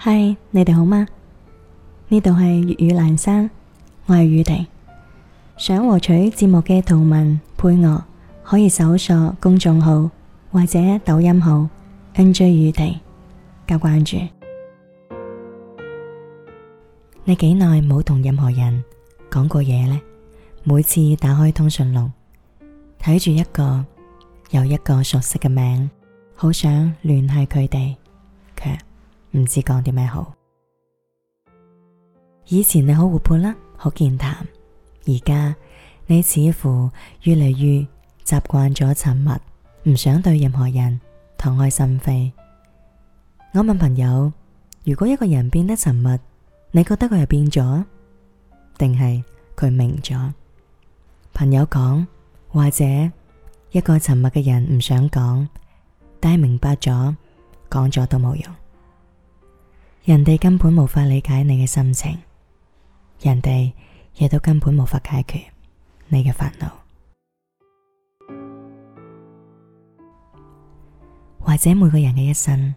嗨，Hi, 你哋好嗎？呢度係粵語蘭生，我係宇婷。想獲取節目嘅圖文配樂，可以搜索公眾號或者抖音號 NJ 宇婷加關注。你幾耐冇同任何人講過嘢呢？每次打開通訊錄，睇住一個又一個熟悉嘅名，好想聯繫佢哋，卻，唔知講啲咩好。以前你好活潑啦，好健談，而家你似乎越嚟越習慣咗沉默，唔想對任何人敞開心扉。我問朋友：如果一個人變得沉默，你覺得佢係變咗，定係佢明咗？朋友講，或者一個沉默嘅人唔想講，但係明白咗，講咗都冇用。人哋根本無法理解你嘅心情，人哋亦都根本無法解決你嘅煩惱。或者每個人嘅一生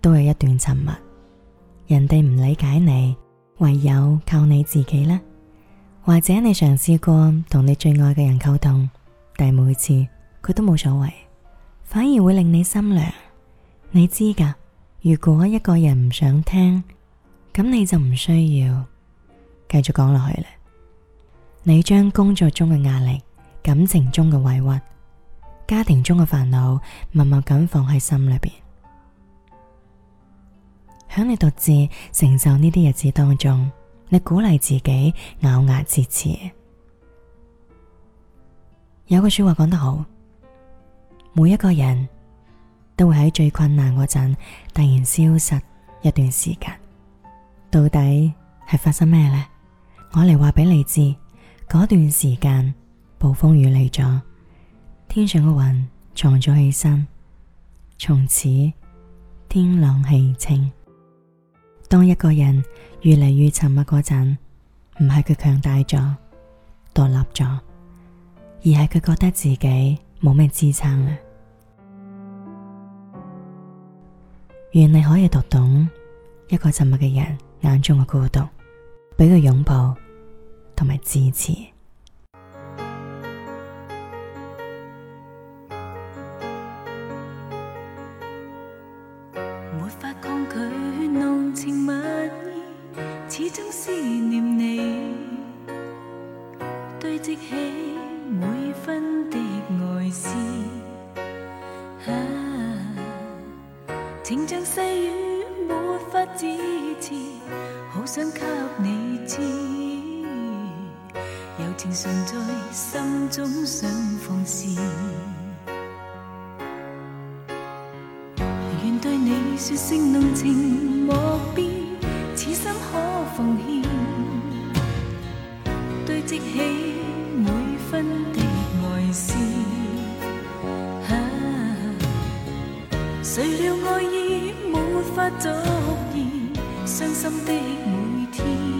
都有一段沉默，人哋唔理解你，唯有靠你自己啦。或者你嘗試過同你最愛嘅人溝通，但每次佢都冇所謂，反而會令你心涼，你知㗎。如果一個人唔想聽，咁你就唔需要繼續講落去啦。你將工作中嘅壓力、感情中嘅委屈、家庭中嘅煩惱，默默咁放喺心裏邊。響你獨自承受呢啲日子當中，你鼓勵自己咬牙切齒。有個說話講得好，每一個人都會喺最困難嗰陣突然消失一段時間，到底係發生咩呢？我嚟話俾你知，嗰段時間暴風雨嚟咗，天上嘅雲藏咗起身，從此天朗氣清。當一個人越嚟越沉默嗰陣，唔係佢強大咗、獨立咗，而係佢覺得自己冇咩支撐啦。願你可以讀懂一個沉默嘅人眼中嘅孤獨，俾佢擁抱同埋支持。無法抗拒濃情蜜意，始終思念你，堆積起每分的愛思。仍像細雨沒法自持，好想給你知，柔情常在心中想放肆，願對你說聲濃情莫變，此心可奉獻。足以傷心的每天。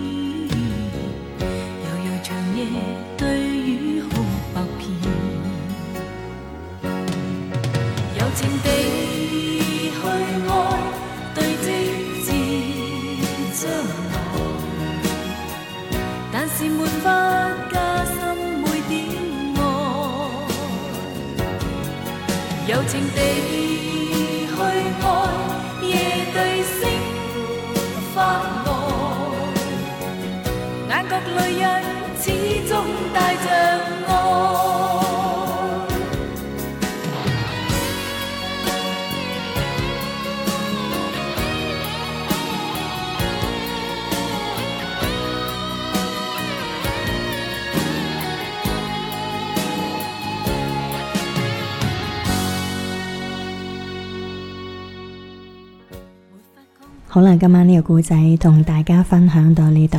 好啦，今晚呢個故仔同大家分享到呢度。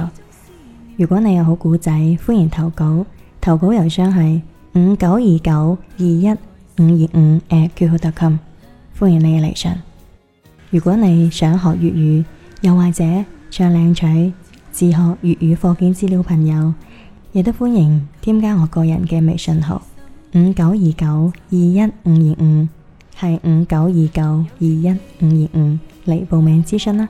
如果你有好古仔，歡迎投稿，投稿郵箱係五九二九二一五二五括號特 m 歡迎你嘅嚟信。如果你想學粵語，又或者想領取自學粵語課件資料，朋友亦都歡迎添加我個人嘅微信號五九二九二一五二五，係五九二九二一五二五嚟報名諮詢啦。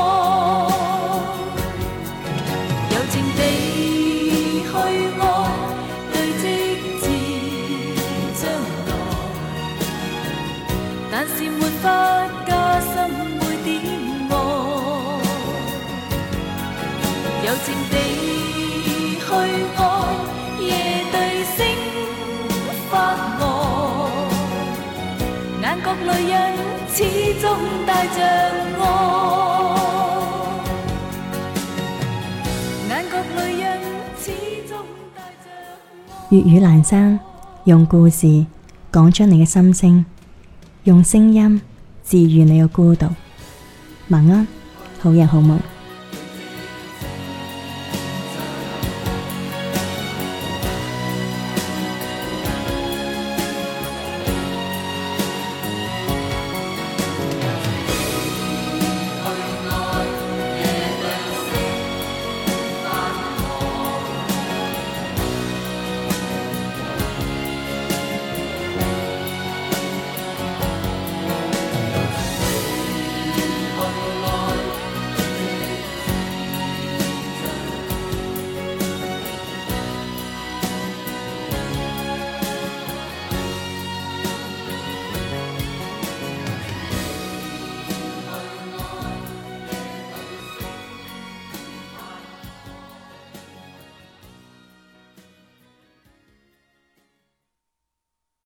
粵語男生用故事講出你嘅心聲，用聲音治愈你嘅孤獨。晚安，好人好夢。